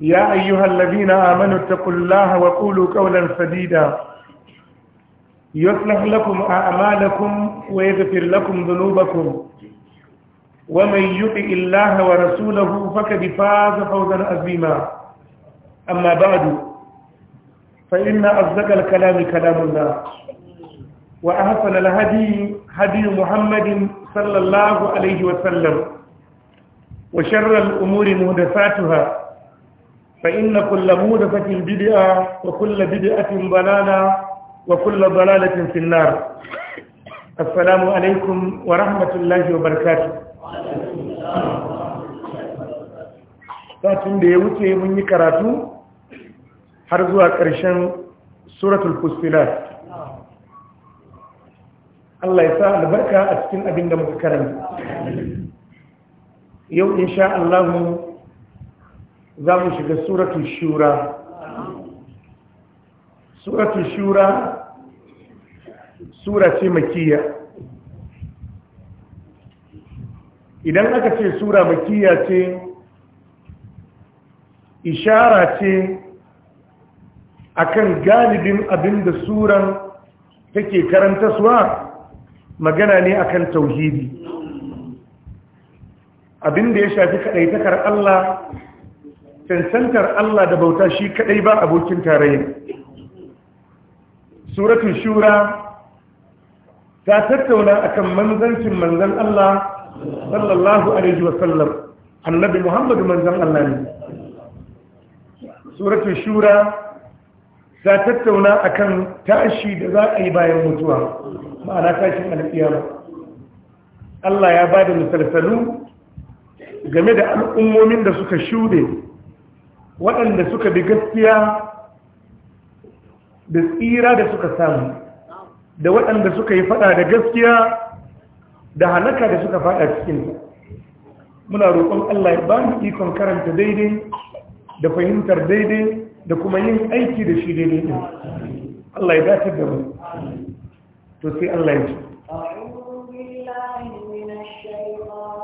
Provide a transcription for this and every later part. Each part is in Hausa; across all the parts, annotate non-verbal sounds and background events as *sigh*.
يا أيها الذين آمنوا اتقوا الله وقولوا قولا سديدا يصلح لكم أعمالكم ويغفر لكم ذنوبكم ومن يطع الله ورسوله فقد فاز فوزا عظيما أما بعد فإن أصدق الكلام كلام الله وأحسن الهدي هدي محمد صلى الله عليه وسلم وشر الأمور مهدفاتها فإن كل مودفة بدعة وكل بدعة ضلالة وكل ضلالة في النار السلام عليكم ورحمة الله وبركاته satin da ya wuce mun yi karatu har zuwa ƙarshen suratul fusilat Allah ya sa albarka a cikin abin muka karanta yau insha Allah za mu shiga suratun shura suratun shura sura ce makiya idan aka ce sura makiya ce ishara ce akan galibin abin da suran take suwa magana ne akan tauhidi abin da ya shafi kaɗaitakar Allah cancantar Allah da bauta shi kadai ba abokin tarayya suratul shura ta tattauna akan manzancin manzan Allah sallallahu alaihi wa sallam annabi Muhammadu manzan Allah ne suratul shura ta tattauna akan tashi da za a yi bayan mutuwa ma'ana tashin alƙiyama Allah ya bada misalsalu game da al'ummomin da suka shuɗe waɗanda suka bi gaskiya da tsira da suka samu da waɗanda suka yi faɗa da gaskiya da halaka da suka fada cikin, muna roƙon Allah ya ba mu ikon karanta daidai da fahimtar daidai da kuma yin aiki da shi daidai din Allah ya dace da mu to sai Allah ya ji أعوذ بالله من الشيطان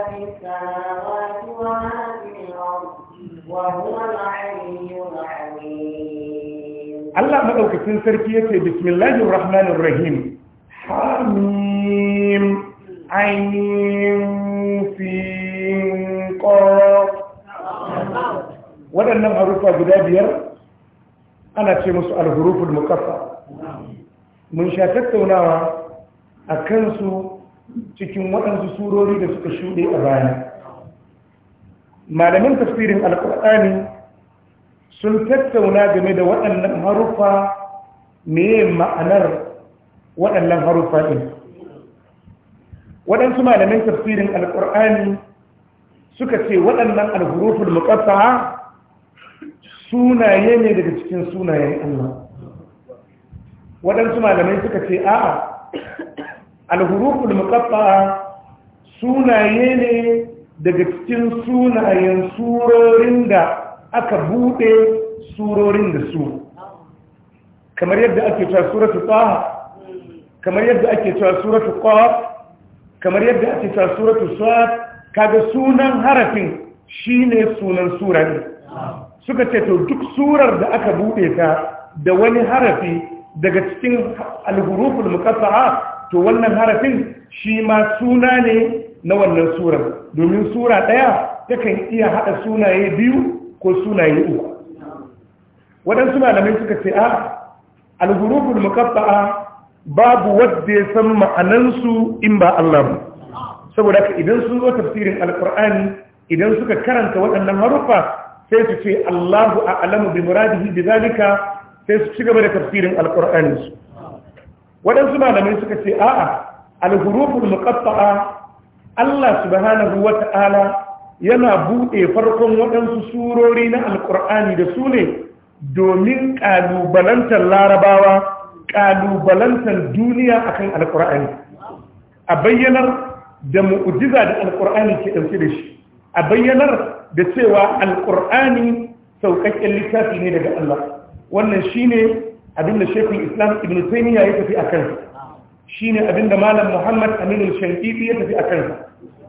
السماوات وما في الأرض وهو العلي العظيم الله مدوكتين سركية بسم الله الرحمن الرحيم حميم عين في قاف waɗannan harufa guda biyar ana ce musu alhuruful mukaffa mun sha tattaunawa a cikin waɗansu surori da suka shuɗe a baya malamin tafsirin alƙur'ani sun tattauna game da waɗannan haruffa me ma'anar waɗannan haruffa ɗin waɗansu malamin tafsirin alƙur'ani suka ce waɗannan alhurufin muƙasa sunaye ne daga cikin sunayen Allah waɗansu malamai suka ce a'a alhuruful muqatta sunaye ne daga cikin sunayen surorin da aka bude surorin da su kamar yadda ake cewa suratul taha kamar yadda ake cewa suratul qaf kamar yadda ake cewa suratul sad kaga sunan harafin shine sunan surar suka ce to duk surar da aka bude ta da wani harafi daga cikin alhurufun muqatta'a to wannan harafin shi ma suna ne na wannan surar domin sura ɗaya takan iya haɗa sunaye biyu ko sunaye uku waɗansu malamai suka ce a ah, alhurufin mukabba'a babu wadda ya san ma'anansu in ba Allah ba saboda haka idan sun zo tafsirin alkur'ani idan suka karanta waɗannan haruffa sai su ce Allahu a a'lamu bi muradihi bi zalika sai su ci gaba da tafsirin alkur'ani su waɗansu malamai suka ce a'a alhurufun muqatta'a Allah subhanahu ta'ala yana buɗe farkon waɗansu surori na alƙur'ani da su ne domin ƙalubalantar larabawa ƙalubalantar duniya akan alƙur'ani a bayyanar da mu'ujiza da alƙur'ani ke ɗauke da shi a bayyanar da cewa alƙur'ani sauƙaƙƙen littafi ne daga Allah wannan shine abinda shekul islam ibn taymiya ya tafi a kansa shine abinda malam muhammad aminu shankiti ya tafi a kansa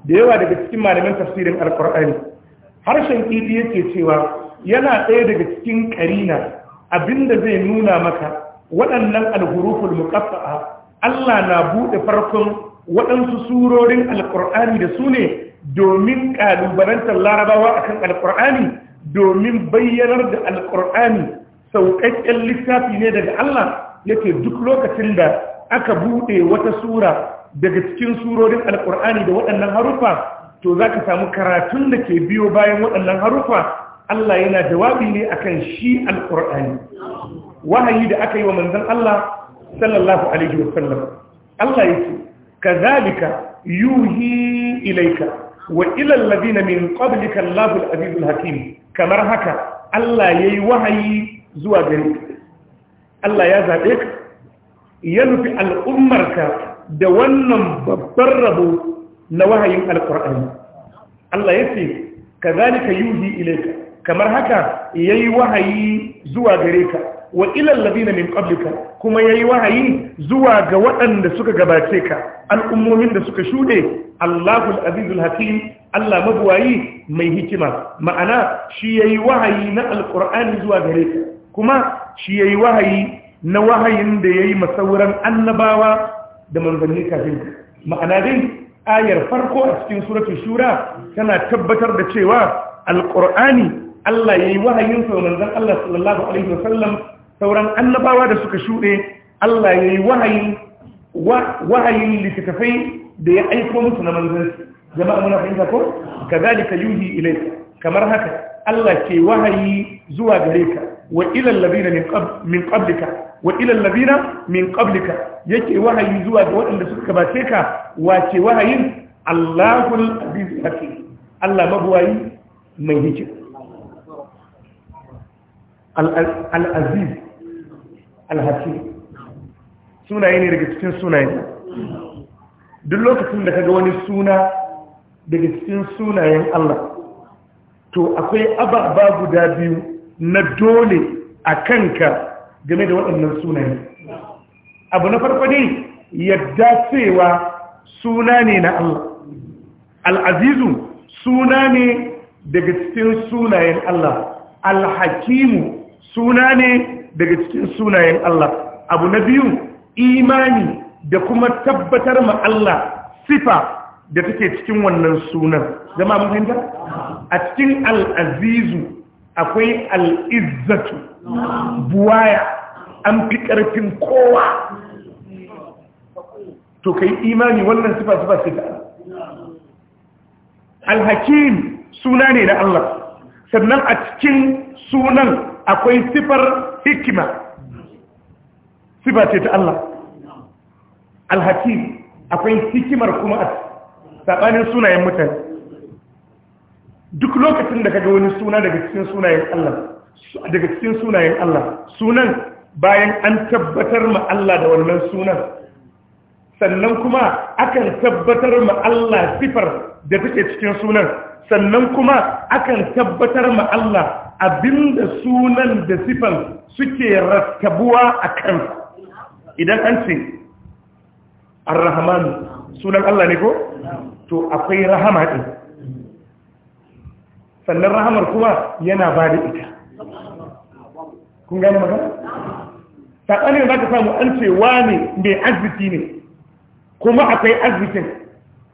da yawa daga cikin malamin tafsirin alkur'ani har shankiti yake cewa yana ɗaya daga cikin karina abinda zai nuna maka waɗannan alhuruful muqaffa'a Allah na buɗe farkon waɗansu surorin alkur'ani da su ne domin ƙalubalantar larabawa akan alkur'ani domin bayyanar da alkur'ani sauƙaƙƙen littafi ne daga Allah yake duk lokacin da aka buɗe wata sura daga cikin surorin alƙur'ani da waɗannan harufa to za ka samu karatun da ke biyo bayan waɗannan harufa Allah yana jawabi ne akan shi alƙur'ani wahayi da aka yi wa manzon Allah sallallahu alaihi wasallam Allah ka, kazalika yuhi ilaika wa ila min qablika Allahu azizul hakim kamar haka Allah yayi wahayi zuwa gare Allah ya zaɓe ka ya nufi al'ummarka da wannan babban rabo na wahayin alƙur'ani Allah ya ce ka zalika yuhi ilaika kamar haka yayi wahayi zuwa gare ka wa ilal ladina min qablika kuma yayi wahayi zuwa ga waɗanda suka gabace ka al'ummomin da suka shuɗe, Allahul Azizul Hakim Allah mabuwayi mai hikima ma'ana shi yayi wahayi na alqur'ani zuwa gare ka kuma shi yayi wahayi na wahayin da yayi masauran annabawa da manzanni kafin ma'ana dai ayar farko a cikin suratun shura tana tabbatar da cewa alƙur'ani Allah yayi wahayin sa Allah sallallahu alaihi wasallam sauran annabawa da suka shuɗe, Allah yayi wahayin wahayin littafai da ya aiko musu na manzanci jama'a muna fahimta ko kazalika yuhi ilai? kamar haka Allah ke wahayi zuwa gare ka wa ilal min qablika wa ilal ladina min qablika yake wahayi zuwa ga waɗanda suka gabace ka wace wahayin Allahul Aziz Hakim Allah mabuwayi mai hikim al-aziz al sunaye ne daga cikin sunaye duk lokacin da ka ga wani suna daga cikin sunayen Allah to akwai ababa guda biyu na dole a kanka game da waɗannan sunayen. abu na farko ne yadda cewa suna ne na Allah al'azizu suna ne daga cikin sunayen Allah alhakimu suna ne daga cikin sunayen Allah abu na biyu imani da kuma tabbatar ma Allah sifa da take cikin wannan sunan zama mun a cikin al'azizu akwai al'izzatu buwaya an fi ƙarfin kowa to ka imani wannan sifa-sifa sai ta alhakim suna ne na Allah sannan a cikin sunan akwai sifar hikima sifa ce ta Allah alhakim akwai hikimar kuma a saɓanin sunayen mutane duk lokacin da kaga wani suna daga cikin sunayen Allah daga cikin sunayen Allah sunan bayan an tabbatar ma Allah da wannan sunan sannan kuma akan tabbatar ma Allah sifar da take cikin sunan sannan kuma akan tabbatar ma Allah abinda sunan da sifan suke rattabuwa akan idan an ce ar-rahman sunan Allah ne ko to akwai rahama din sannan rahamar kuma yana ba da ita kun gani magana? ne za ka samu an ce ne mai arziki ne kuma akwai arzikin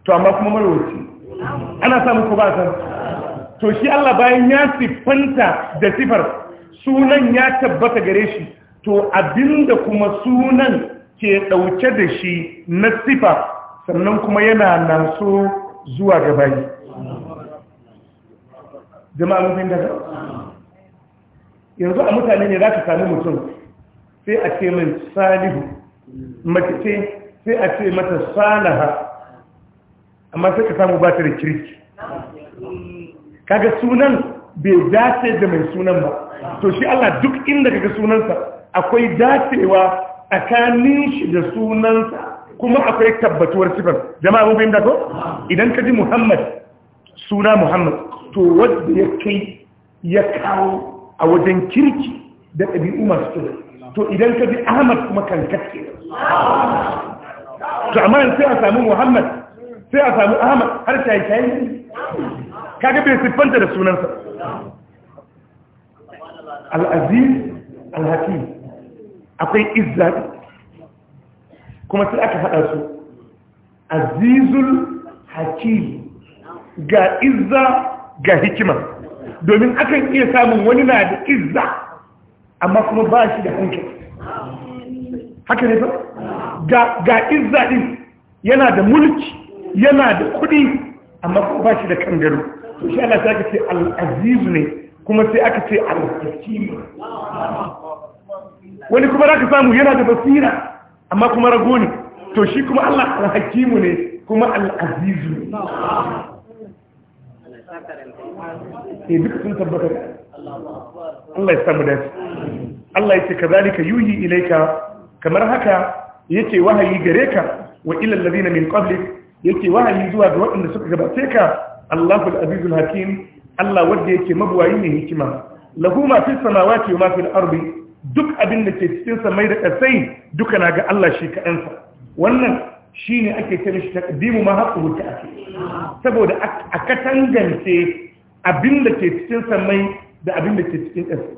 to amma kuma marwaci ana samun ku ba san to shi Allah bayan ya siffanta da siffar sunan ya tabbata gare shi to abinda kuma sunan ke ɗauke da shi na sifa sannan kuma yana naso zuwa gabayi jama'a mun fahimta yanzu a mutane ne za ka sami mutum sai a ce min salihu mace sai a ce mata salaha amma sai ka samu ba ta da kirki kaga sunan bai dace da mai sunan ba to shi Allah duk inda kaga sunansa akwai dacewa tsakanin shi da sunansa kuma akwai tabbatuwar sifar jama'a mun fahimta ko idan ka ji Muhammad suna Muhammad to wadda ya kai ya kawo a wajen kirki da ɗabi'u masu kyau to idan ka bi ahmad kuma kan kaske to amma sai a samu muhammad sai a samu ahmad har shayi-shayi kaga bai siffanta da sunansa al'aziz hakim akwai izzabi kuma sai aka haɗa su azizul hakim ga izza ga hikima domin akan iya samun wani na da izza amma kuma ba shi da hankali haka ne ba ga izza din yana da mulki yana da kudi amma kuma ba shi da kangaro to shi Allah ta ce al-aziz ne kuma sai aka ce al-hakim wani kuma raka samu yana da basira amma kuma rago ne to shi kuma Allah al ne kuma al-aziz ne E eh, duk sun tabbatar Allah ya samu dace Allah ya ce kazalika yuhi ilaika kamar haka yake wahayi gare ka wa ila ladina min qablik yake wahayi zuwa ga waɗanda suka gabace ka Allahul Azizul Hakim Allah wanda yake mabuwayi ne hikima lahu ma fi samawati wa ma fil ardi duk abin da ke cikin samai da ƙasai duka na ga Allah shi kaɗansa wannan shi ne ake ce mishi takdimu ma haƙu wuce ake saboda a katangance abin da ke cikin samai da abin da ke cikin ƙasa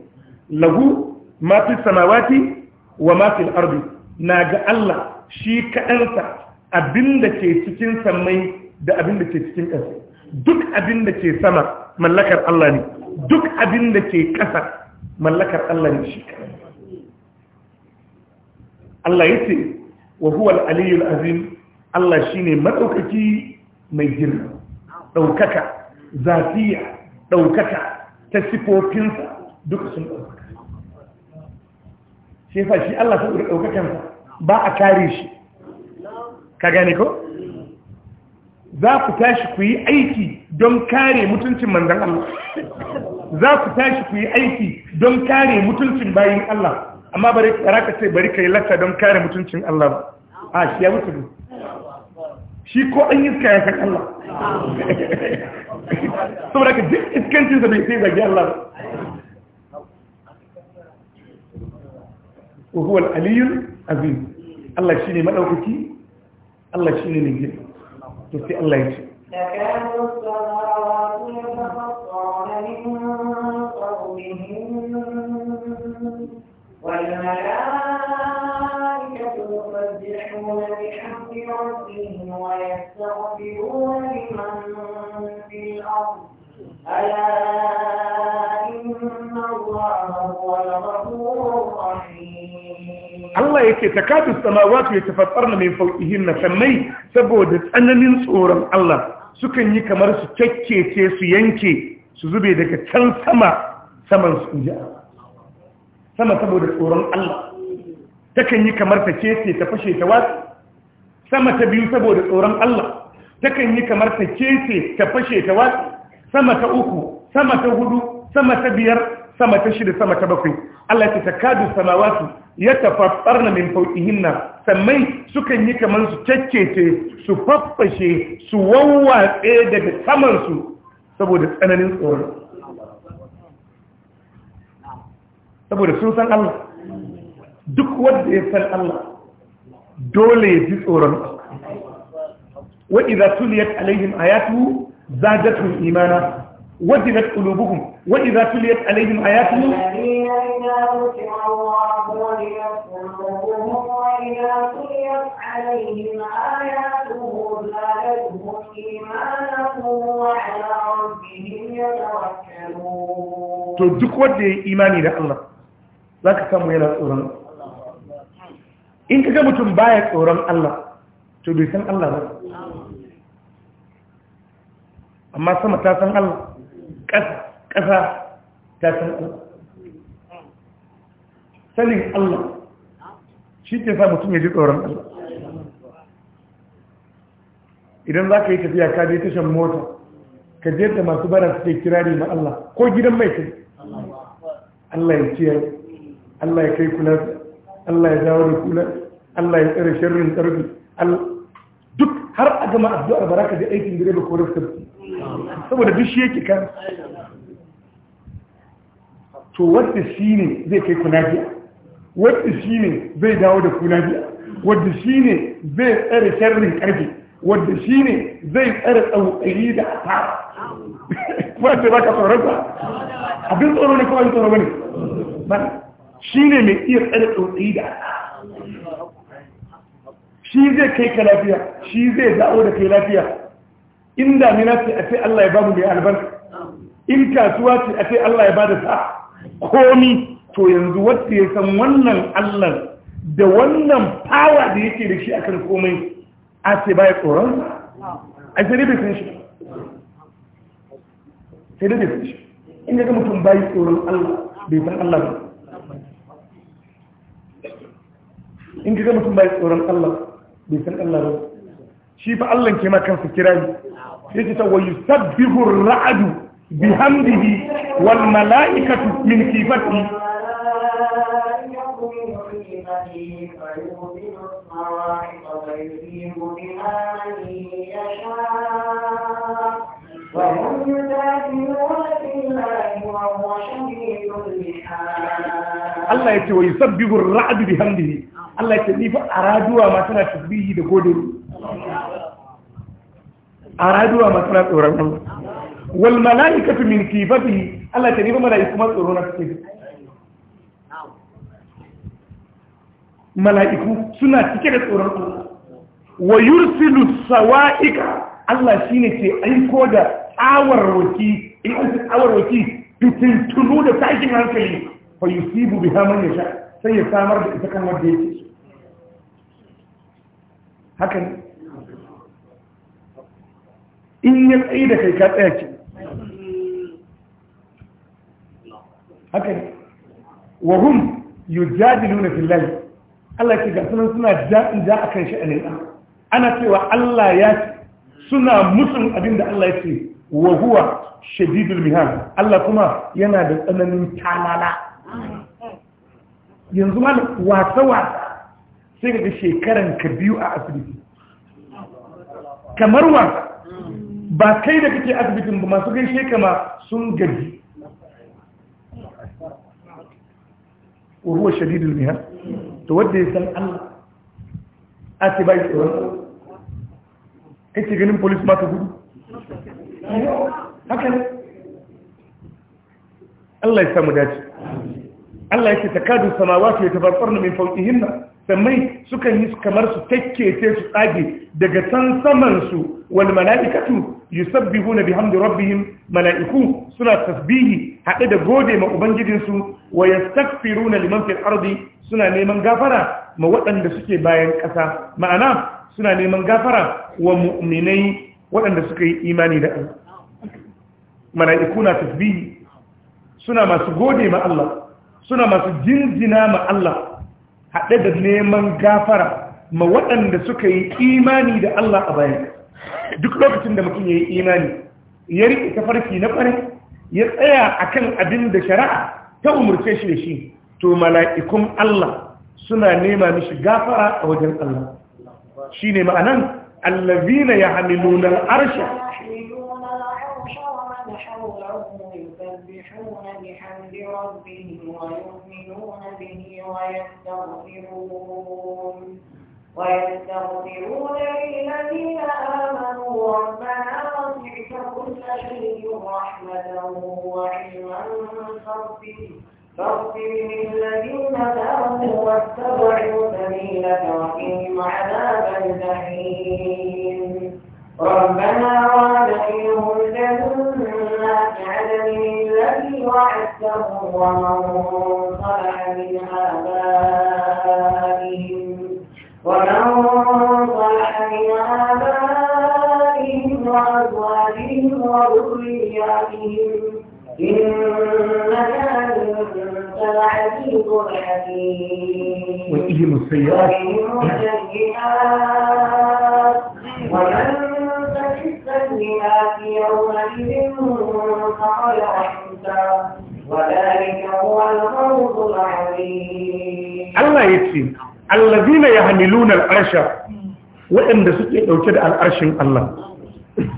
lagu mafi samawati wa mafi fi al'arbi na ga Allah shi kaɗansa abin da ke cikin samai da abin da ke cikin ƙasa duk abin da ke sama mallakar Allah ne duk abin da ke ƙasa mallakar Allah ne shi kaɗansa Allah ya ce wa huwa al-aliyyul azim Allah shine mai girma daukaka zafiya daukaka ta sifofinsa duka sun daukaka shi fa shi Allah saboda ba a kare shi ka gane ko za ku tashi ku yi aiki don kare mutuncin manzan Allah za ku tashi ku yi aiki don kare mutuncin bayin Allah amma bari ka sai bari ka yi don kare mutuncin Allah ba a shi ya mutu ne shi ko an yi kayan san Allah *laughs* saboda ka duk iskancinsa bai sai zagi Allah ba wa huwa al aliyyu azim Allah shine madaukaki Allah shine ne gidi to sai Allah ya ce والملائكة يسبحون بحمد ربهم ويستغفرون لمن في الأرض ألا إن الله هو الغفور الرحيم Allah ya ce, Takatu samawatu ya tafattar na mai fauƙihin na sammai saboda tsananin tsoron Allah sukan yi kamar su kyakkece su yanke su zube daga can sama saman su ji Allah. sama saboda tsoron Allah takan yi kamar ta kece ta fashe ta wasu sama ta biyu saboda tsoron Allah takan yi kamar ta kece ta fashe ta wasu sama ta uku sama ta hudu sama ta biyar sama ta shida sama ta bakwai Allah ya ta kadu samawatu ya tafaffar na min fauƙihinna sammai sukan yi kamar su caccece su faffashe su wawwatse daga samansu saboda tsananin tsoron saboda sun san Allah duk wanda ya san Allah dole ya ji tsoron wa idza tuliyat alaihim ayatu zadatuhum imana وجلت قلوبهم وإذا تليت عليهم آياته وإذا تليت to duk wanda ya imani da Allah za ka samu yana tsoron in ka ga mutum baya tsoron Allah to bai san Allah ba amma sama ta san Allah ƙasa ta san Allah sanin Allah shi ke sa mutum ya ji tsoron Allah idan za ka yi tafiya ka je tashan mota ka je da masu bara suke kirari na Allah ko gidan mai kai Allah ya ciyar الله يكي كلاب الله يزاوري كلاب الله يتري شر ترد دك هر أجمع أبدا البركة دي أيتي نجري بكورة سبت سبو ده بشي يكي كان تو وات السيني زي كي كلابي وات السيني زي داود كلابي وات السيني زي أري شر كربي وات السيني زي أري أو أريد أطار فاتي باكا تورفا أبين تورو لكو أي تورو بني shi ne mai iya tsada tsotsi da shi zai kai ka lafiya shi zai za'o da kai lafiya in damina ce a ce Allah ya babu mai albarka in kasuwa ce a ce Allah ya bada sa komi to yanzu wanda ya san wannan Allah da wannan fawa da yake da shi akan komai a ce ya tsoron a sai dai sun shi sai dai sun shi in ga mutum ya tsoron Allah bai san Allah ba in ga mutum bai tsoron Allah bai san Allah ba shi fa Allah ke ma kansa kirani yace ta wayu sabbihu ar-ra'du bihamdihi wal mala'ikatu min kifati وهم يدافعون في الله وهو شديد الحال الله يتوي يسبب الرعد بحمده Allah ya ni fa raduwa masu na tasbihi da gode raduwa masu na tsoron Allah wal tu min kifatihi Allah ya ni fa malaiku ma tsoron na suke mala'iku suna cike da tsoron Allah wa yursilu sawa'ika Allah shine ke aiko da tsawarwaki in an tsawarwaki tunu da takin hankali fa yusibu biha man yasha sai ya samar da ita kan wanda yake haka ne in ya tsaye da kai ka tsaya ke haka ne yi jaji nuna filayi Allah ke ga sunan suna ja'in ja kan shi a ana cewa Allah ya ce suna musun abinda Allah ya ce wa huwa shadidul mihan Allah kuma yana da tsananin talala yanzu ma wasa wasa sai ga shekaran ka biyu a asibiti kamar wa ba kai da kake asibitin ba masu gaishe kama sun gaji ruwa ne ha? to wadda ya san Allah a ce ba yi tsoron kake ganin polis ma gudu haka ne Allah ya samu dace Allah ya ce takadu samawati ya tabarfarna min fawqihinna sammai sukan yi kamar su takkece su tsage daga can samansu wal mala'ikatu yusabbihu na bihamdi rabbihim mala'iku suna tasbihi haɗe da gode ma ubangijinsu wa yastaghfiruna liman fil ardi suna neman gafara ma waɗanda suke bayan ƙasa ma'ana suna neman gafara wa mu'minai waɗanda suka yi imani da Allah mala'iku na tasbihi suna masu gode ma Allah suna masu jinjina ma Allah haɗe da neman gafara ma waɗanda suka yi imani da Allah a bayan duk lokacin da mutum ya yi imani ya riƙe tafarki na ƙwarai ya tsaya a kan abin da shari'a ta umarce shi da shi to mala'ikun Allah suna nema mishi gafara a wajen Allah shi ne ma'anan allazina ya hamilunar arsha حوله يسبحون بحمد ربهم ويؤمنون به ويستغفرون ويستغفرون للذين آمنوا ربنا وسعت كل شيء رحمة وعلما فاغفر للذين تابوا واتبعوا سبيلك وقهم عذاب الجحيم ربنا وادخلهم جنات عدن الذي وعدته ومن صلح من آبائهم ومن صلح من آبائهم وأزواجهم وذرياتهم إنك أنت العزيز الحكيم وإهم السيئات ومن تك السيئات يومئذ فقد رحمته وذلك هو الفوز العظيم الله يكفي الذين يحملون العرش waɗanda suke ɗauke da al'arshin Allah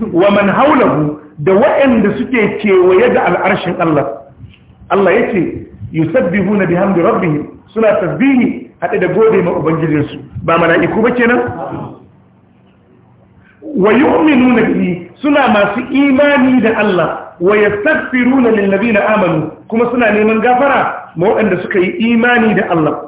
wa man haulahu da waɗanda suke kewaye da al'arshin Allah Allah ya ce, Yusuf yusabbihu na bihamdi rabbihim suna tasbihi haɗe da gode ma ubangijinsu ba mana mala'iku ba kenan wa yu'minuna bihi suna masu imani da Allah wa yastaghfiruna lil ladina amanu kuma suna neman gafara ma waɗanda suka yi imani da Allah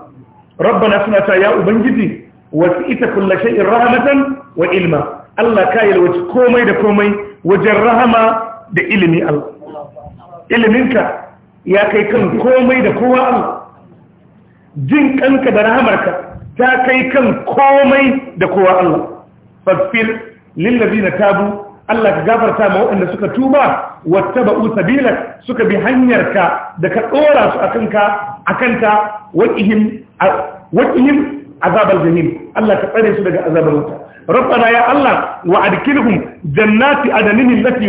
rabbana suna ta ya ubangiji wasi'ita kullu shay'in rahmatan wa ilma Allah ka yalwaci komai da komai wajen rahama da ilimi Allah iliminka ya kai kan komai da kowa Allah jin kanka da rahamarka ta kai kan komai da kowa Allah fasfir lillazina tabu Allah ka gafarta ma waɗanda suka tuba wattaba'u sabilak suka bi hanyarka da ka dora su akan ka akan ta wajihim wajihim azabal jahim Allah ka tsare su daga azabar wuta rabbana ya Allah wa adkilhum jannati adnin allati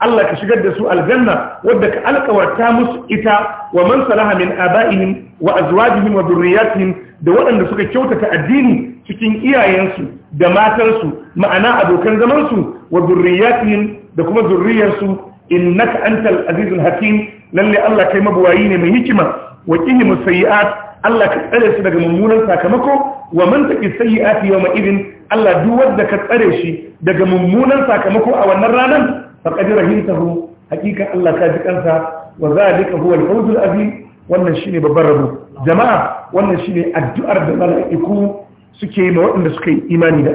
Allah ka shigar da su aljanna wadda ka alkawarta musu ita wa man salaha min aba'ihim wa azwajihim wa dhurriyyatihim da waɗanda suka kyautata addini cikin iyayensu da matansu ma'ana abokan zaman su wa dhurriyyatihim da kuma zurriyarsu innaka antal azizul hakim lalle Allah kai mabuwayi ne mai hikima wa qihim sayiat Allah ka tsare su daga mummunan sakamako wa man taqi sayiati yawma idin Allah duk wanda ka tsare shi daga mummunan sakamako a wannan ranar faqad rahimtahu hakika Allah ka ji kansa wa zalika azim wannan shine babban rabo jama'a wannan shine addu'ar da mala'iku suke yi ma waɗanda suka yi imani da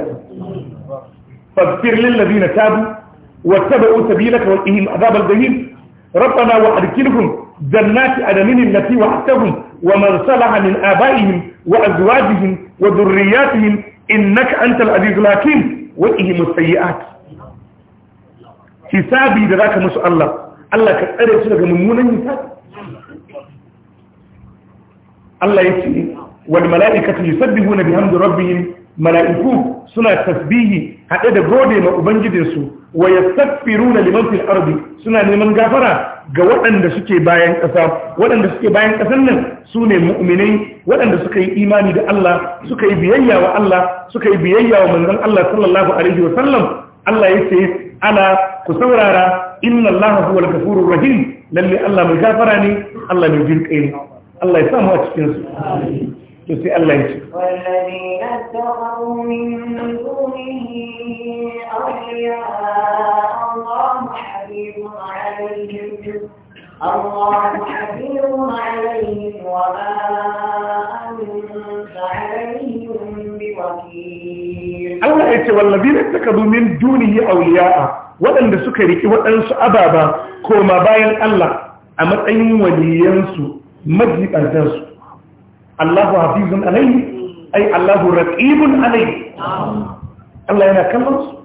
fasfir lil ladina tabu wa tabu sabilaka wa qihim adhab jahim rabbana wa adkilhum jannati adamin allati wa'adtahum wa man salaha min abaihim wa azwajihim wa dhurriyyatihim innaka antal azizul hakim wa qihim sayyiat hisabi da zaka musu Allah Allah ka tsare su daga mummunan hisabi Allah yake wal mala'ikatu yusabbihuna bihamdi rabbihim mala'iku suna tasbihi haɗe da gode ma ubangijinsu wa yastaghfiruna liman fil ardi suna neman gafara ga waɗanda suke bayan ƙasa waɗanda suke bayan ƙasar nan sune mu'minai waɗanda suka yi imani da Allah suka yi biyayya wa Allah suka yi biyayya wa manzon Allah sallallahu alaihi wa sallam Allah yace ala ku saurara inna Allah huwal ghafurur rahim lalle Allah mai gafara ne Allah mai jinkai ne Allah ya samu a cikin su to sai Allah ya ce wallazina taqaw min Allah ya ce wallabi na takadu min duniya auliya'a waɗanda suka riki waɗansu ababa koma bayan Allah a matsayin waliyansu majibantarsu Allahu hafizun Alayhi, ai Allahu raqibun alayhi. Allah yana kallon su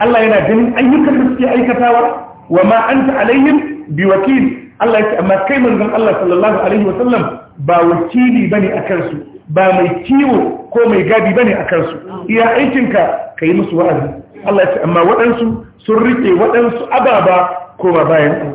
Allah yana ganin ayyukan da suke aikatawa wa ma alayhin alaihim biwakil Allah ya ce amma kai manzon Allah sallallahu alaihi wa sallam ba wakili ba ne a kansu, ba mai kiwo ko mai gadi bane a kansu iya aikinka ka yi musu wa'azi Allah ya ce amma waɗansu sun rike waɗansu ababa ko ba bayan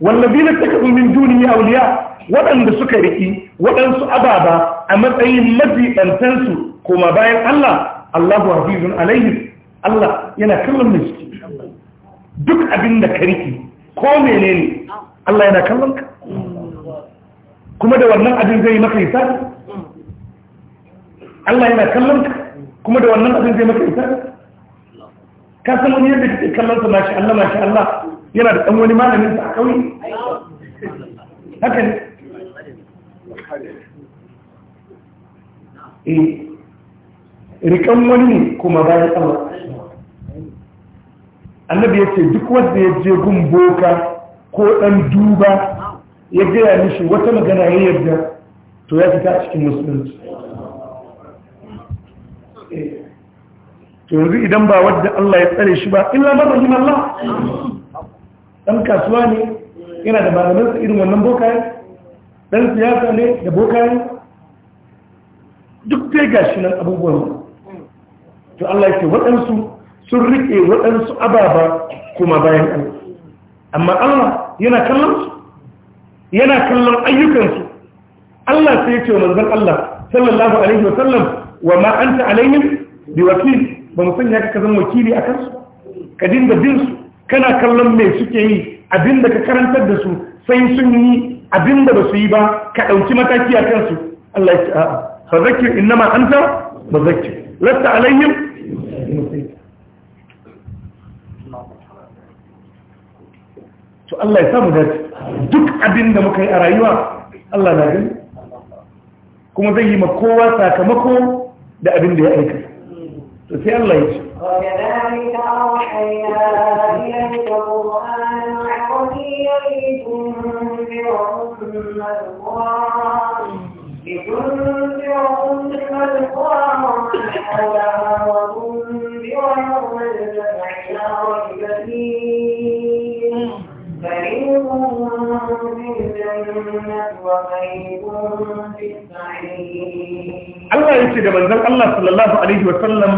wallazina takazu min dunihi auliya waɗanda suka riki waɗansu ababa a matsayin majibantansu ko ma bayan Allah Allahu hafizun alaihim Allah yana kallon mai duk abin da ka riki ko menene Allah yana kallon ka kuma da wannan abin zai maka isa Allah yana kallon ka kuma da wannan abin zai maka isa ka san wani yadda kake kallon sa mashi Allah mashi Allah yana da dan wani malamin sa a kauye haka ne eh rikan wani ne kuma bayan Allah annabi ya ce duk wanda ya je gun boka ko dan duba ya gaya mishi wata magana ya yarda to ya fita a cikin musulunci to yanzu idan ba wadda Allah ya tsare shi ba illa ba rahim Allah dan kasuwa ne yana da malamin sa irin wannan bokaye dan siyasa ne da bokaye duk dai gashi nan abubuwan to Allah ya ce waɗansu sun riƙe waɗansu ababa kuma bayan Allah amma Allah yana kallon su yana kallon ayyukansu Allah sai ce manzon Allah sallallahu alaihi wasallam wa ma anta alaihim biwakil ba mu sanya ka zama wakili akan su? ka dinga bin su kana kallon me suke yi abinda ka karantar da su sai sun yi abinda ba su yi ba ka dauki mataki a kansu Allah ya ce a'a fa zakir innama anta muzakkir lasta alaihim Allah ya samu dace duk abin da muka yi a rayuwa Allah na gani kuma zai yi ma kowa sakamako da abin da ya aika to sai Allah ya ce وكذلك أوحينا فريق Allah ya ce da manzan Allah sallallahu Alaihi wasallam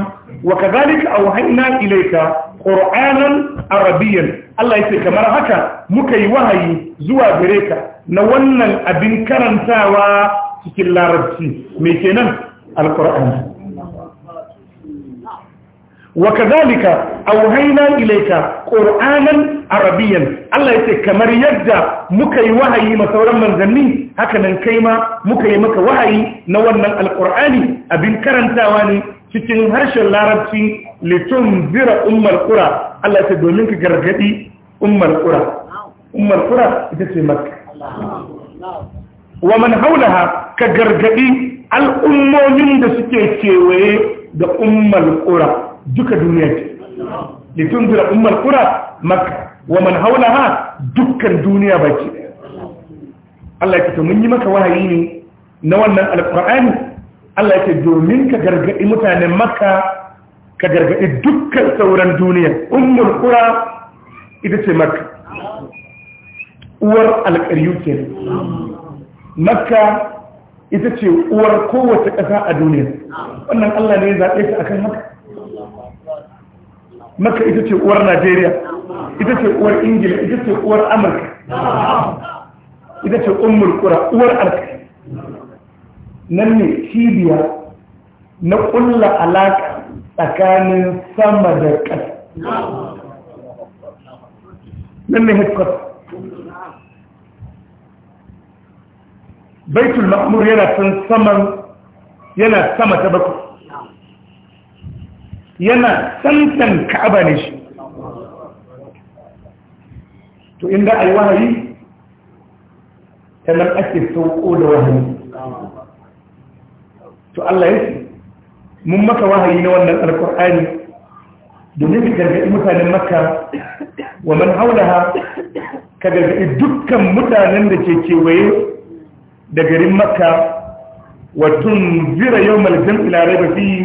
wa ka zalika a wahaina ilaika Qur'anan arabiyan Allah ya ce kamar haka muka yi wahayi zuwa gare ka na wannan abin karantawa cikin larabci mai kenan alƙor'an wa ka zalika a wahaina ilaika ƙor'anan arabiyan Allah ya ce kamar yadda muka yi wahayi masauran sauran manzanni haka nan kai ma muka yi maka wahayi na wannan alkur'ani abin karantawa ne cikin harshen larabci litun zira ummar kura Allah ya ce domin ka gargadi ummar kura ummar kura ita ce maka wa man haulaha ka gargadi al'ummomin da suke kewaye da ummar kura duka duniya ce litun zira ummar kura maka wa man haulaha dukkan duniya baki daya Allah ya ce mun yi maka wahayi ne na wannan alqur'ani Allah ya ce domin ka gargadi mutanen makka ka gargadi dukkan sauran duniya ummul qura ita ce makka uwar alƙaryu ce. makka ita ce uwar kowace ƙasa a duniya wannan Allah ne ya zaɓe ta akan makka makka ita ce uwar najeriya ita ce uwar ingila ita ce uwar amurka ita ce ummul kura uwar arka nan ne cibiya na kulla alaka tsakanin sama da ƙasa nan ne headquarter baitul ma'amur yana san saman yana sama ta bakwai yana santan ka'aba ne shi to inda ayi wahayi ta nan ake sauko da wahayi to Allah ya mun maka wahayi na wannan alkur'ani domin ka gargaɗi mutanen makka wa man haulaha ka gargaɗi dukkan mutanen da ke kewaye da garin makka wa tunzira yawmal jam'i la fi fihi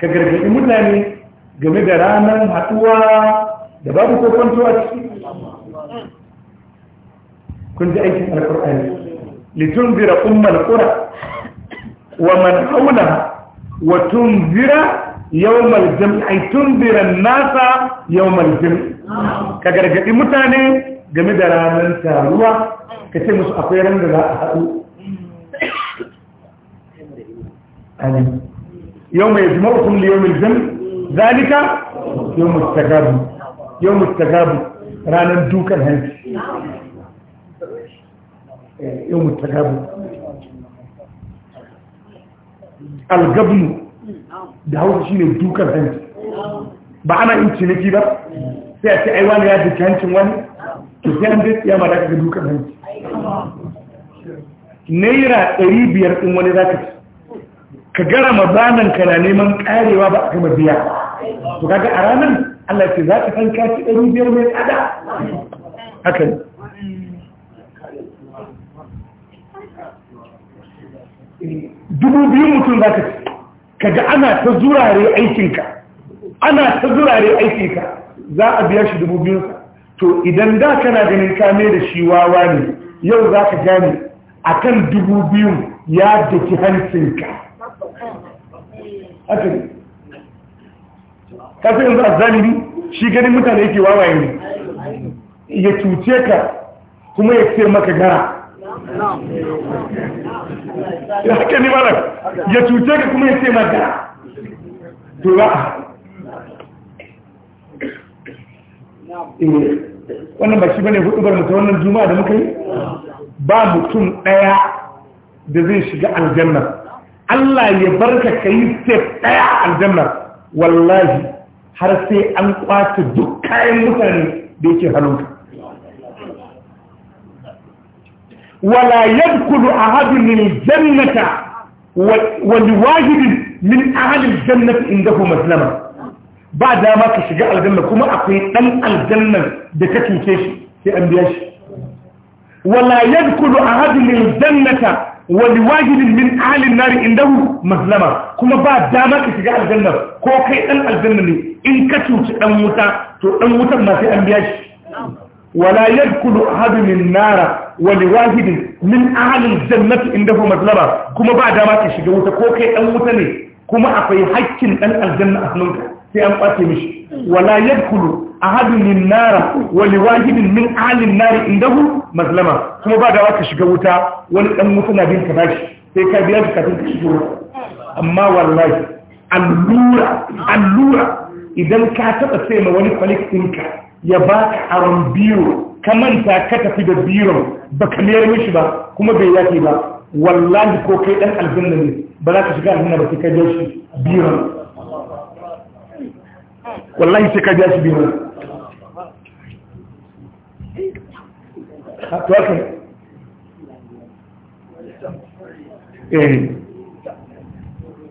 ka gargaɗi mutane game da ranar haɗuwa da babu ko kwanto a ciki كنت دي ايه القرآن لتنذر أم القرى ومن حولها وتنذر يوم الجمع أي تنذر الناس يوم الجمع كجر جدي متاني جمي دران انت روا مش أخيرا لا أحقو يوم يجمعكم ليوم الجمع ذلك يوم التقابل يوم التقابل رانا ندوك الهنس يوم التغابن الغبن da hausa shi ne dukar hanci ba ana yin ciniki ba sai a ce aiwa ya duka hancin wani to sai an zai tsiyama da kaga dukar hanci naira 500 ɗin wani za ka ci ka gara ka na neman karewa ba a gama biya to kaga a ranar allah ce za ka san kaci 500 mai tsada haka ne dubu biyu mutum za ka kaga ana ta zurare aikinka ana ta zurare aikinka za a biya shi dubu biyu to idan da kana ganin kame da shi wawa ne yau za ka gane a kan dubu biyu ya daki hancinka haka ne kafin yanzu a zalibi shi ganin mutane yake wawaye ne ya cuce ka kuma ya ce maka gara ya haka ni malam ya cuce ka kuma ya ce mata to eh, wannan ba shi bane bar mutu wannan juma'a da muka yi ba mutum daya da zai shiga aljanna Allah ya barka ka yi step daya aljanna wallahi har sai an kwace duk kayan mutane da yake hannunka ولا يدخل أحد من الجنة ولواجد من أهل الجنة عنده مسلمة بعد ما كشجاء الجنة كما أقول أن الجنة بكتن كيش في أنبياش ولا يدخل أحد من الجنة ولواجد من أهل النار عنده مسلمة كما بعد ما كشجاء الجنة كوكي أن الجنة إن كتن أموتا تو أموتا ما في أنبياش ولا يدخل أحد من النار wani liwahidin min ahlil jannati indahu mazlama kuma ba dama ka shiga wuta ko kai dan wuta ne kuma akwai hakkin dan aljanna a hannunka sai an kwace mishi wala yadkhulu ahadun min nara wa liwahidin min ahlin nari indahu mazlama kuma ba dama ka shiga wuta wani dan wuta na bin ka bashi sai ka biya bukatun ka shiga wuta amma wallahi allura allura idan ka taba sai ma wani kwalik ɗinka ya baka aron biro ka manta ka tafi da biron baka mayar mishi ba kuma bai yafe ba wallahi ko kai dan aljanna ne ba za ka shiga aljanna ba sai ka biya shi biron wallahi sai ka biya shi biron to haka eh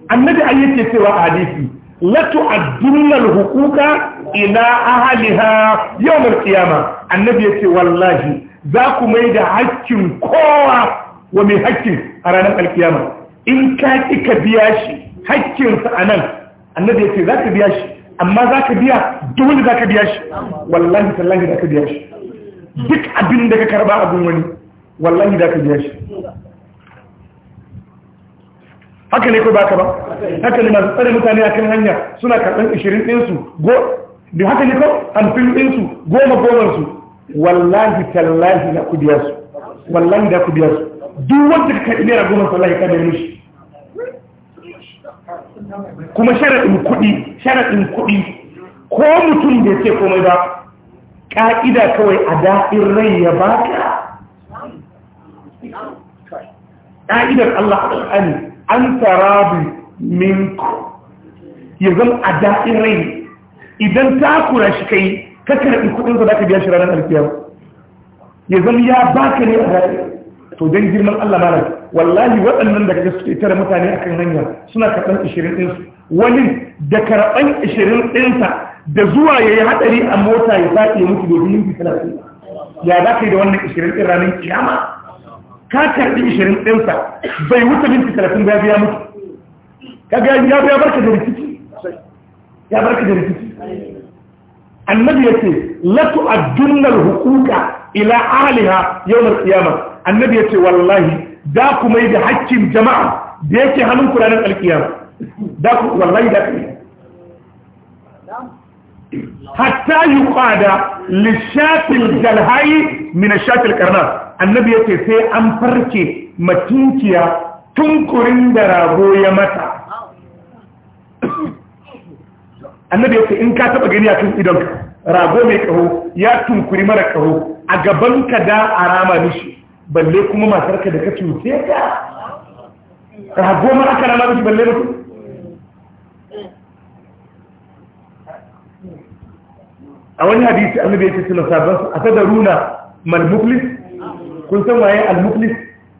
annabi ayyace cewa hadisi Latu al hukuka ila ahliha yawm al-qiyama annabi yace wallahi za ku mai da haƙƙin kowa wa mai haƙƙin a ranar alkiyama in ka kika biya shi haƙƙinsa a nan annabi yace za ka biya shi amma za ka biya dole za ka biya shi wallahi tallahi za ka biya shi duk abin ka karba a wani wallahi za ka biya shi haka ne ko ba ka ba haka ne masu tsari mutane a kan hanya suna karɓar ishirin ɗinsu go da haka ne ko hamsin ɗinsu goma goma su wallahi tallahi na ku su wallahi da kudiyarsu su duk wanda ka kaɗi naira goma wallahi ka nemi shi kuma sharaɗin kuɗi sharaɗin kuɗi ko mutum bai ce komai ba ƙa'ida kawai a da'in rai ya baka ƙa'idar Allah a ƙar'ani an tarabi minku ya zan a daɗin rai idan takura shi kai ka karɓi kuɗin za ka biya shi ranar alkiyar ya zan ya baka ne a daɗin to don girman Allah malam wallahi waɗannan daga kaga suke tara mutane akan hanya suna karɓar ishirin ɗinsu wani da karɓar ishirin ɗinsa da zuwa ya yi haɗari a mota ya faɗi ya mutu domin yin fitina ya za ka yi da wannan ishirin ɗin ranar kiyama ka karbi 20 ɗinsa bai wuce minti 30 ba biya mutu ka ga ya biya barka da rikici ya barka da rikici annabi yace la tu'addunna al-huquqa ila ahliha yawm al-qiyamah annabi yace wallahi da ku mai da haƙƙin jama'a da yake hannun ku ranar alkiyama da ku wallahi da ku hatta yuqada lishafil jalhai min ash-shafil qarnas annabi yake sai an farke matinkiya tunkurin da rago ya mata annabi yake in ka taba gani a kan idonka rago mai kaho ya tunkuri mara kaho a gabanka da a rama mishi balle kuma matarka da ka cuce ka rago ma aka rama mishi balle mutum a wani hadisi annabi yake suna sabon a tadaruna mal kun san waye al-muflis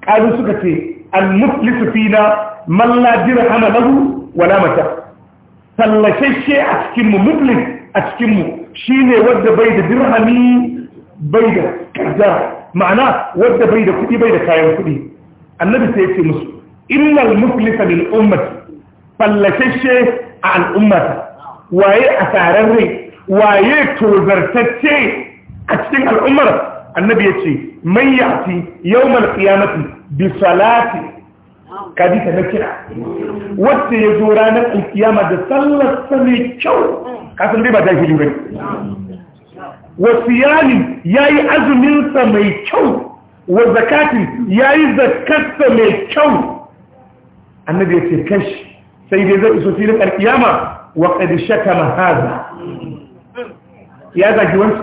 qalu suka ce al-muflis fina man la dirhama lahu wala mata sallashashe a cikin mu muflis a cikin mu shine wanda bai da dirhami bai da kaza ma'ana wanda bai da kudi bai da kayan kudi annabi sai ya ce musu innal muflisa lil ummati fallashashe a al'ummata waye a tsarar rai waye tozartacce a cikin al'ummar annabi ya ce man ya'ti yawmal qiyamati bi salati kadi ka nakira wanda ya zo ranar alkiyama da sallar sa mai kyau kasan dai ba ta shi bane wasiyani yayi azumin sa mai kyau wa zakatin yayi zakat sa mai kyau annabi ya ce kashi sai dai zai iso filin alkiyama wa qad shakama hadha ya zagi wani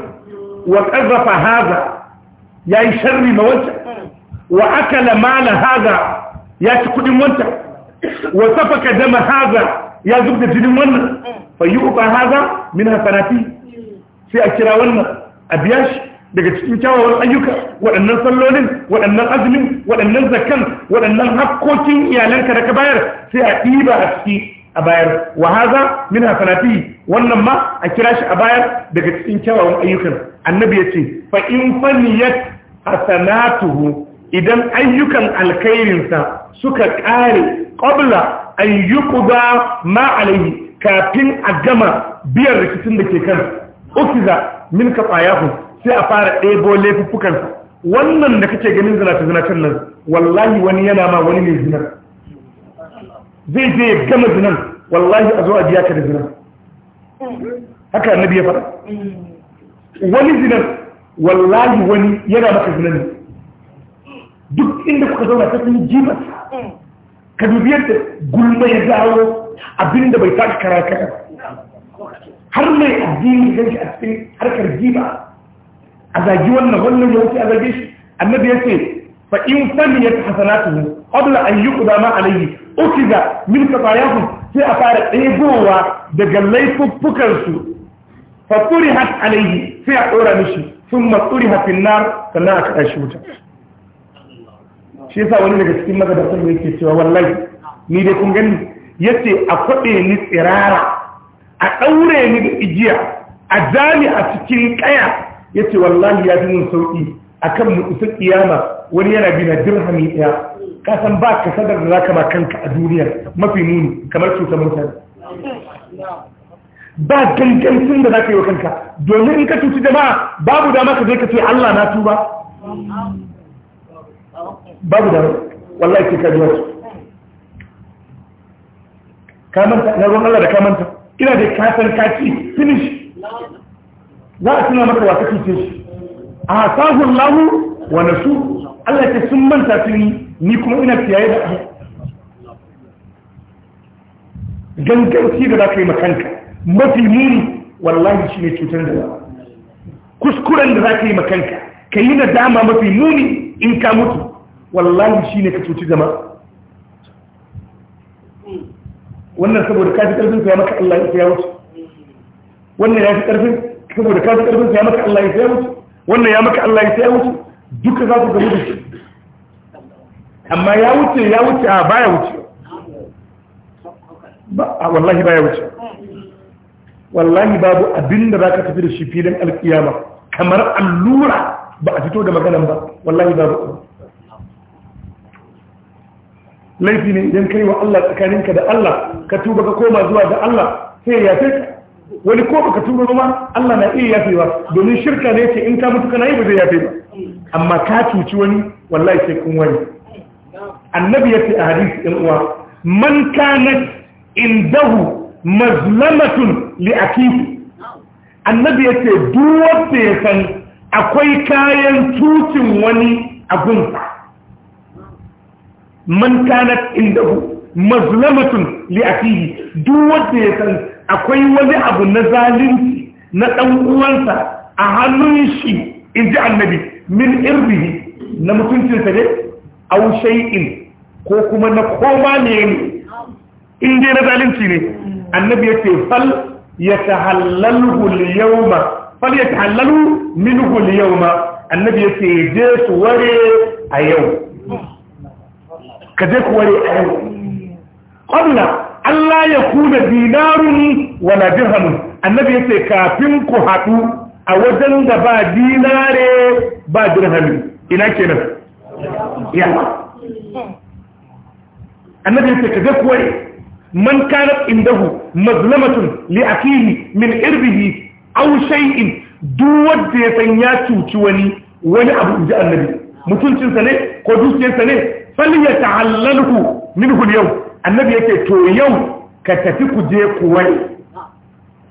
wa qadhafa hadha ya yi sharri ma wancan wa akala mala haza ya ci kudin wancan wa ka dama haza ya zub da jinin wannan fa yi uba haza min hasanati sai a kira wannan a biya shi daga cikin kyawawan ayyuka waɗannan sallolin waɗannan azumin waɗannan zakan waɗannan hakkokin iyalanka da ka bayar sai a ɗiba a ciki a bayar wa haza min hasanati wannan ma a kira shi a bayar daga cikin kyawawan ayyukan annabi ce fa in faniyat hasanatuhu idan ayyukan alkhairinsa suka kare qabla an yuqda ma alayhi kafin a gama biyan rikicin da ke kan ukiza min kafayahu sai a fara ɗebo laifuffukansa wannan da kake ganin zinace zinacen nan wallahi wani yana ma wani ne zina. zai je ya gama zinan wallahi a zo a biya ka da zinan haka annabi ya faɗa wani zinan wallahi wani yana maka zinan duk inda kuka zauna ta sun jiba ka dubi yadda gulma ya zawo abinda bai tashi karakara har mai addini ganshi a cikin harkar jiba a zagi wannan wannan ya wuce a zage shi annabi ya ce fa in sami ya ta hasanatu qabla an yuqda ma alayhi uku ga milka bayanku sai a fara ɗebowa daga laifuffukansu fasuri hat alaihi sai a ɗora mishi sun matsuri hafin nar sannan a kaɗa shi wuta shi yasa wani daga cikin sun yake cewa wallahi ni dai kun gani yace a kwaɗe ni tsirara a ɗaure ni da igiya a jami a cikin ƙaya yace wallahi ya fi mun sauƙi A kan mutusun iyama wani yana bi na dirhami ɗaya ka san ba ka sadar da zaka ma kanka a duniyar mafi muni kamar cutar mutane ba gangancin da zaka yi wa kanka domin in ka cuci jama'a babu dama ka je ka ce Allah na tuba babu dama wallahi sai ka ji wasu ka manta na ruwan Allah da ka manta ina da kasan kaci, finish za a tuna maka wa ka shi a sahun lahu wa nasu Allah ce sun manta sun ni kuma ina kiyaye da abu ganganci da za ka yi makanka mafi muni wallahi shi ne cutar da kuskuren da za ka yi makanka ka yi dama mafi muni in ka mutu wallahi shi ne ka cuci jama'a wannan saboda kafi karfin ya maka Allah ya wuce wannan ya fi ƙarfin saboda kafi karfin ya maka Allah ya wuce wannan ya maka Allah ya sai wuce duka za ku gamu da shi amma ya wuce ya wuce a baya wuce ba a wallahi baya wuce wallahi babu abinda za ka tafi da shi filin alkiyama kamar allura ba a fito da maganan ba wallahi babu laifi ne idan kai wa Allah tsakaninka da Allah ka tuba ka koma zuwa ga Allah sai ya fita. wani ko baka tuba ba Allah na iya yafe ba. domin shirka ne ce in ka mutu kana yi ba zai yafe ba amma ka cuci wani wallahi sai kun wani annabi ya ce a hadisi ɗin uwa man kana indahu mazlamatun li akihi annabi ya ce duk ya san akwai kayan cucin wani a abun man kana indahu mazlamatun li akihi duk wanda ya san akwai wani abu na zalunci na ɗan uwansa a hannun shi in ji annabi min irbihi na mutuncinsa ne au shay'in ko kuma na koma ne ne in je na zalunci ne annabi ya ce fal ya ta tahallalu al ma. fal ya ta tahallalu minhu al ma. annabi ya ce je su ware a yau ka je ku ware a yau Allah Allah ya kuna dinarun wala dirhamun annabi yace kafin ku haɗu a wajen da ba dinare ba dirhamin ina kenan Ya. annabi yace kaga kuwai man kana indahu mazlamatun li akili min irbihi aw shay'in duk wanda ya san ya cuci wani wani abu inji annabi mutuncinsa ne ko dukiyarsa ne fal ya ta'allalu minhu al-yawm annabi yake to yau ka tafi ku je ku wani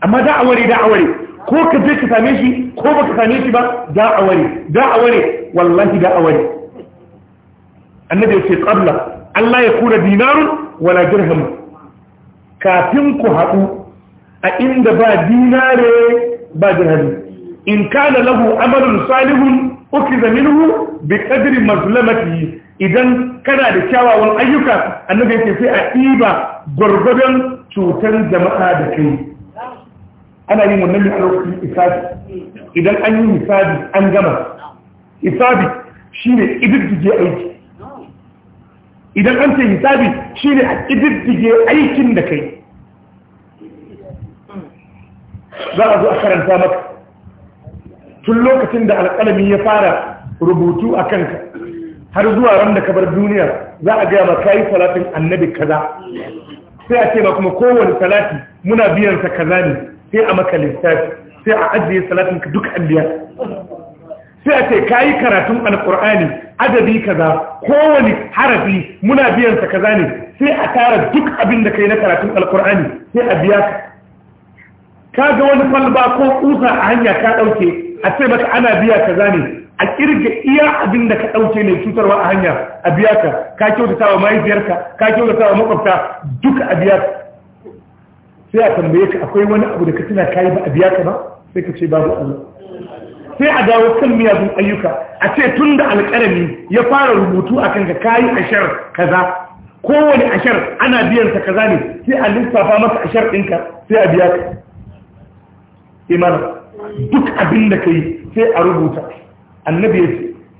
amma da a ware da a ware ko ka je ka same shi ko ba ka same shi ba da a ware da a ware wallahi da a ware annabi yake qabla Allah ya kura dinarun wala dirham kafin ku haɗu a inda ba dinare ba dirham in kana lahu amalun salihun ukiza minhu bi qadri mazlamatihi idan kana da kyawawan ayyuka annabi yake sai a iba gwargwadon cutar jama'a da kai ana yin wannan ne a lokacin isabi idan an yi isabi an gama isabi shine ididdige aiki idan an ce hisabi shine a ididdige aikin da kai za a zo a karanta maka tun lokacin da alƙalami ya fara rubutu a kanka har zuwa wanda ka bar duniya za a gaya ma yi salatin annabi kaza sai a ce ba kuma kowane salati muna biyan sa kaza ne sai a maka lissafi sai a ajiye salatin ka duk an sai a ce ka yi karatun Alƙur'ani adadi kaza kowane harafi muna biyan sa kaza ne sai a tara duk abin da yi na karatun Alƙur'ani sai a biya ka ka ga wani falba ko kusa a hanya ka ɗauke. a ce maka ana biya ka zane a kirga iya abin da ka ɗauke ne cutarwa a hanya a biya ka ka kyautata wa mahaifiyarka ka kyautata wa makwabta duka a biya ka sai a tambaye ka akwai wani abu da ka tuna kayi ba a biya ka ba sai ka ce babu Allah sai a dawo kan miyagun ayyuka a ce tun da alƙarami ya fara rubutu a kanka kayi ashar kaza kowane ashar ana sa kaza ne sai a lissafa masa ashar ɗinka sai a biya ka imana duk abin da yi sai a rubuta annabi ya ce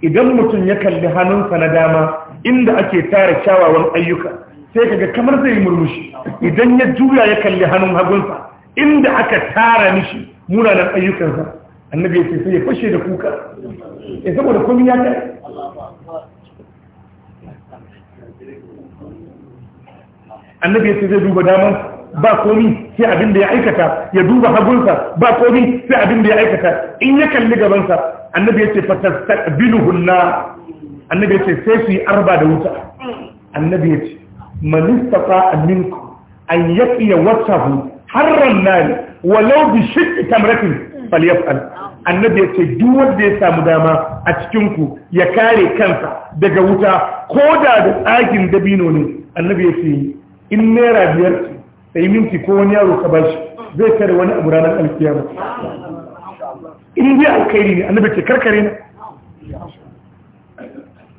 idan mutum ya kalli hannunsa na dama inda ake tara kyawawan ayyuka sai kaga kamar zai yi murmushi idan ya juya ya kalli hannun hagunsa inda aka tara mishi munanan ayyukansa annabi ya ce sai ya fashe da kuka ya eh, saboda komai ya kai annabi ya ce zai duba damansa ba komi sai abin da ya aikata ya duba hagunsa ba komi sai abin da ya aikata in ya kalli gabansa annabi ya yace fatastaqbiluhu na annabi ya ce sai su yi arba da wuta annabi yace man istata'a minkum an ya yaqiya wajhahu harran nar walau bi shiqqi tamratin falyaf'al annabi ya ce duk da ya samu dama a cikinku ya kare kansa daga wuta ko da tsakin dabino ne annabi ya ce in naira biyar ka yi minti ko wani yaro ka bashi zai tare wani abu ranar ba in zai alkairi ne annabi ce karkare na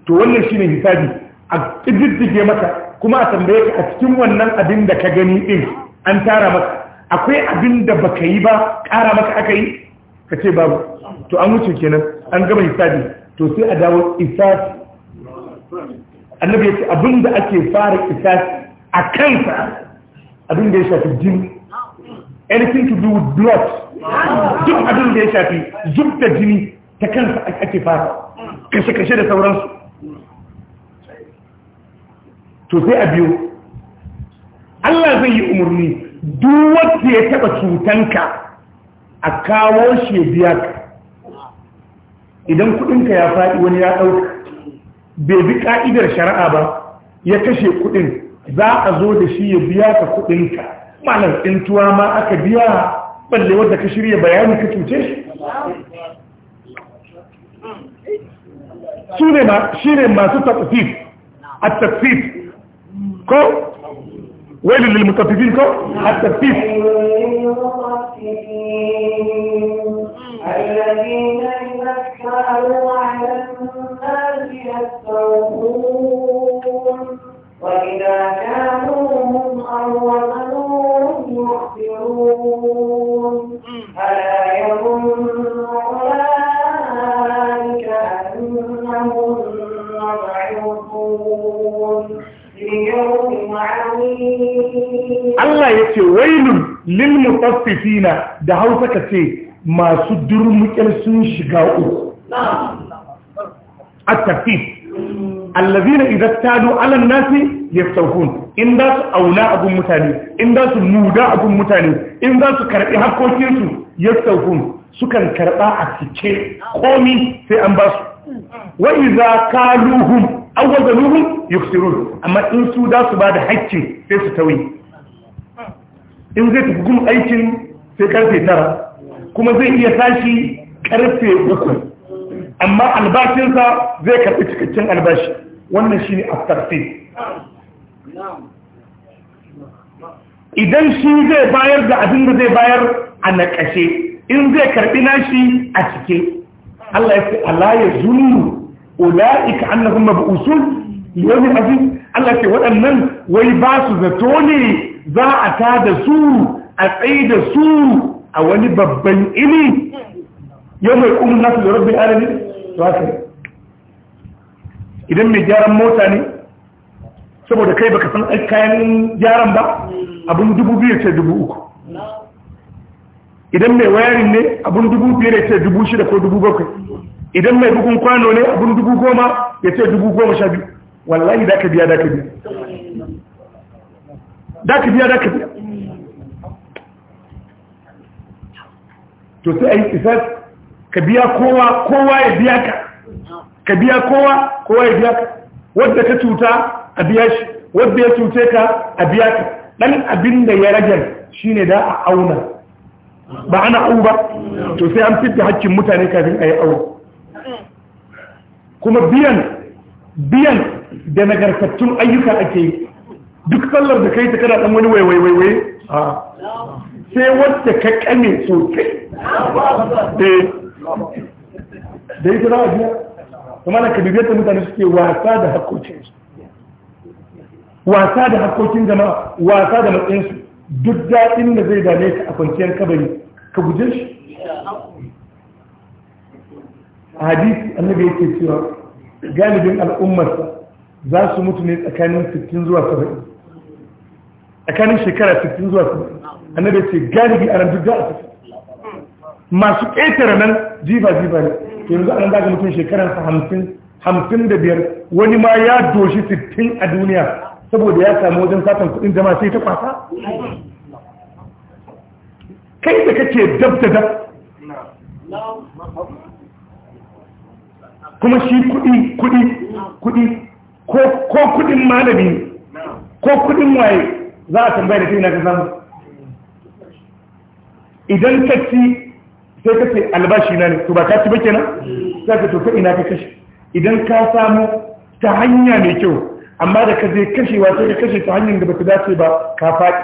to wannan shine hisabi a kididdige maka kuma a tambaye ka a cikin wannan abin da ka gani din an tara maka akwai abin da baka yi ba ƙara maka aka yi ka ce babu to an wuce kenan an gama hisabi to sai a dawo isasi annabi ya ce abin da ake fara isasi a kansa abin da ya shafi jini anything to do with blood duk abin da ya shafi zub da jini ta kansa ake fara kashe-kashe da sauransu to sai a biyu, Allah zai yi umarni duk wanda ya taɓa cutanka a kawo shi biya ka idan kudinka ya faɗi wani ya ɗauka bai bi ƙa'idar shari'a ba ya kashe kudin za a zo da shi ya biya ka kuɗinka malam tsintuwa ma aka biya balle wadda ka shirya bayani ka cuce shi shi ne masu tafif a tafif ko wani lilmutafifin ko a tafif الذين يذكروا على الناس يستوفون وإذا كانوا هم أول نور يخبرون ألا يظن أولئك أنهم مبعوثون ليوم Allah ya ce wailun lil mutaffifina da hausa ka ce masu durmukin sun shiga uku Atafi. allazina idza tadu ala nasi yaftahun in za su auna abun mutane in za su muda abun mutane in za su karbi hakokin su yaftahun sukan karba a cike komi sai an ba su wa idza kaluhum aw wazanuhum yuksirun amma in su za su bada hakkin sai su tauye in zai tafi gun aikin sai karfe tara kuma zai iya tashi karfe uku amma albashinsa zai karɓi cikakken albashi wannan shi ne aftarfi idan shi zai bayar da abin da zai bayar a naƙashe in zai karɓi nashi a cike Allah ya fi Allah ya zunnu ula'ika annahum mabusul yawmi azim Allah ya ce waɗannan wai ba su zato ne za a ta da su a tsaye da su a wani babban ili yau mai kuma nasu da rabbi alami su yi idan mai gyaran mota ne saboda kai baka san kayan gyaran ba abin dubu biyar ce dubu uku idan mai wayarin ne abin dubu biyar ya ce dubu shida ko dubu bakwai idan mai bugun kwano ne abin dubu goma ya ce dubu goma sha biyu wallahi da ka biya da ka biya da ka biya da ka biya to sai a yi isas ka biya kowa kowa ya biya ka ka biya kowa kowa ya biya ka wadda ka cuta a biya shi wadda ya cuce ka a biya ka dan abin da ya rage ne da a auna ba ana au ba to sai an fitta hakkin mutane kafin a yi au kuma biyan biyan da nagartattun ayyuka ake yi duk sallar da kai ta kada dan wani waiwaiwaiwai sai wadda ka kame sosai eh. da ita za a biya kuma na biyar da mutane suke wasa da haƙoƙinsu wasa da hakkokin gama, wasa da matsayinsu duk daɗin da zai dame ka a kwanciyar kabari ka guje shi a hadisi annabi yake cewa galibin al'ummarsa za su mutu ne tsakanin 60 zuwa 70 tsakanin shekara 60 zuwa 70 annabi ce galibi a ran duk za a tafi masu ƙetare nan jifa jifa ne yanzu an daga mutum shekarar hamsin hamsin da biyar wani ma ya doshi sittin a duniya saboda ya samu wajen satan kudin jama'a sai ta kwasa kai da kake dab da dab kuma shi kudi kudi kudi ko kudin malami ko kudin waye za a tambaya da kai na ka samu idan ka ci sai ka ce albashi na ne to ba ka ci ba kenan za ka toka ina ka kashe idan ka samu ta hanya mai kyau amma da ka je kashewa sai ka kashe ta hanyar da ba ta dace ba ka faɗi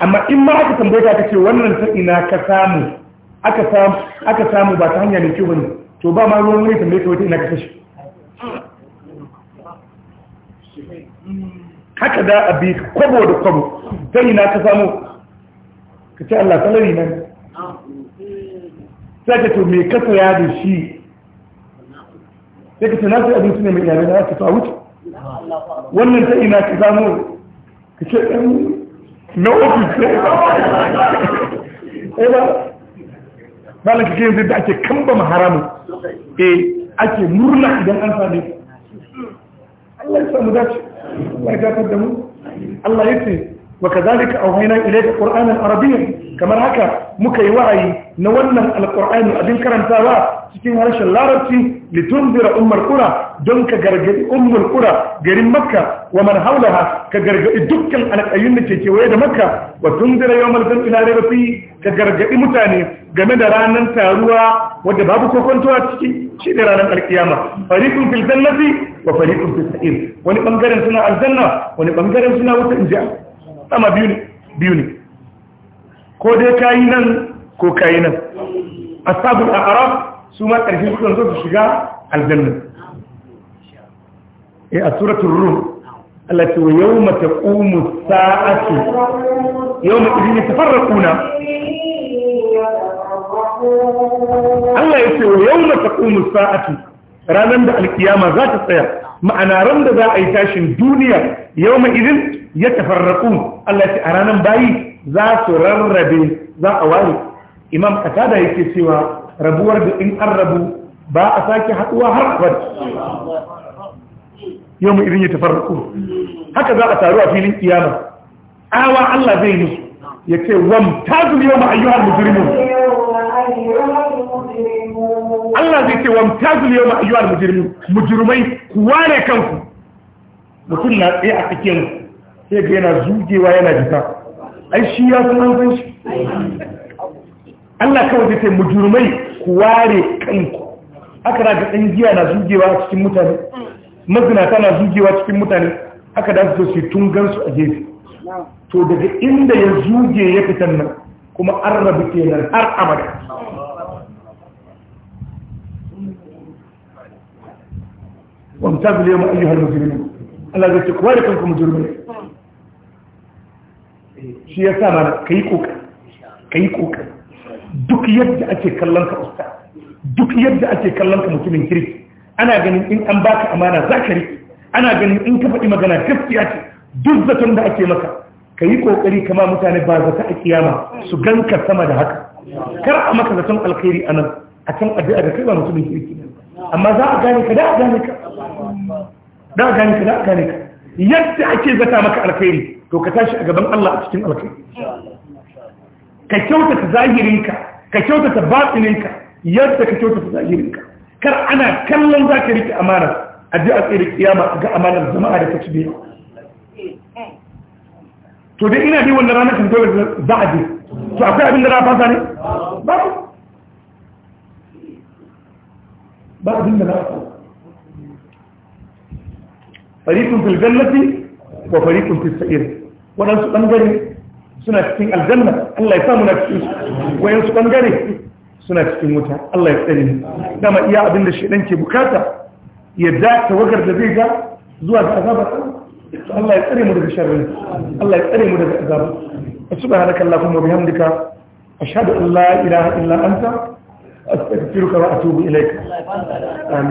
amma in ma aka tambaye ka ce wannan ta ina ka samu aka samu aka samu ba ta hanya mai kyau bane to ba ma ruwan wani tambaye ka wata ina ka kashe haka da abi kwabo da kwabo ta ina ka samu ka ce Allah salari na ne sai ka to me ka saya da shi sai ka na sai abinci ne mai iyalai na, aka to a wuce wannan ta ina ka samu ka ce ɗan na ofis ne eh, ba ba la kake yanzu da ake kamba maharamu eh ake murna idan an same Allah ya samu dace Allah ya gafar da mu Allah ya ce وكذلك أوهينا إليك القرآن العربي كما هكا مكي وعي نولنا القرآن أبين كرم تاوى سكين هرش اللاربتي لتنذر أم القرى دون كجرجد أم القرى جريم مكة ومن حولها كجرجد دكا على أيون تيتيوية مكة وتنذر يوم الظل إلى ربي كجرجد متاني جمد رانا تاوى وجباب كوكونتوا تشي شيء رانا القيامة فريق في الجنة وفريق في السعير ونبنجرن سنة الجنة ونبنجرن سنة وتنجع sama biyu ne biyu ne ko dai kayi nan ko kayi nan ashabul a'raf su ma karshen kudin su shiga aljanna eh a suratul rum Allah ce wa yawma taqumu sa'atu yawma idin tafarraquna Allah ya ce wa yawma taqumu sa'atu ranan da alkiyama za ta tsaya ma'ana ran da za a yi tashin duniya yawma idin ya tafarraku Allah ce a ranar bayi za su rarrabe za a waye. imam katada yake cewa rabuwar da in an rabu ba a sake haɗuwa har abad yau mu irin ya tafarraku haka za a taru a filin kiyama awa Allah zai musu ya ce wamtazul yau ma ayyuhar mujrimun Allah zai ce wamtazul yau ma ayyuhar mujrimun mujrimai kuwa ne kanku mutum na tsaye a cikin sai ga yana zugewa yana jita ai shi ya san an san shi Allah kawai zai ce mujurmai ku ware kanku aka da ɗan giya na zugewa cikin mutane mazinata na zugewa cikin mutane aka da su sai tun gansu a gefe to daga inda ya zuge ya fitan nan kuma an rabu kenan har amada wamtazil yawma ayyuhal mujrimun Allah zai ce ku ware kanku mujurmai shi ya sa mana ka yi ƙoƙari duk yadda ake kallon ka usta duk yadda ake kallon ka mutumin kirki ana ganin in an baka amana za ka ana ganin in ka faɗi magana gaskiya ce duk zaton da ake maka ka yi ƙoƙari kama mutane ba zata a kiyama su ganka sama da haka kar a maka zaton alkhairi a nan a can addu'a da kai ba mutumin kirki amma za a gane ka da a gane ka da a gane ka da a gane ka yadda ake zata maka alkhairi to ka tashi a gaban Allah a cikin alkhairi ka kyautata zahirinka ka kyautata batininka yadda ka kyautata zahirinka kar ana kallon za ka rike amana a ji a tsere kiyama ga amanar jama'a da ta ci biyu to dai ina dai wannan ranar kan dole za a je to akwai abin da na fasa ne ba ba abin da na fasa فريق في الجنة wa fariqun fi sa'ir waɗansu ɓangare suna cikin aljanna Allah ya samu na cikin su wayansu ɓangare suna cikin wuta Allah ya tsare dama iya abin da shedan ke bukata ya da tawagar da zai ga zuwa ga To Allah ya tsare mu daga sharri Allah ya tsare mu daga azabar subhanaka allahumma bihamdika ashhadu an la ilaha illa anta astaghfiruka wa atubu ilaik amin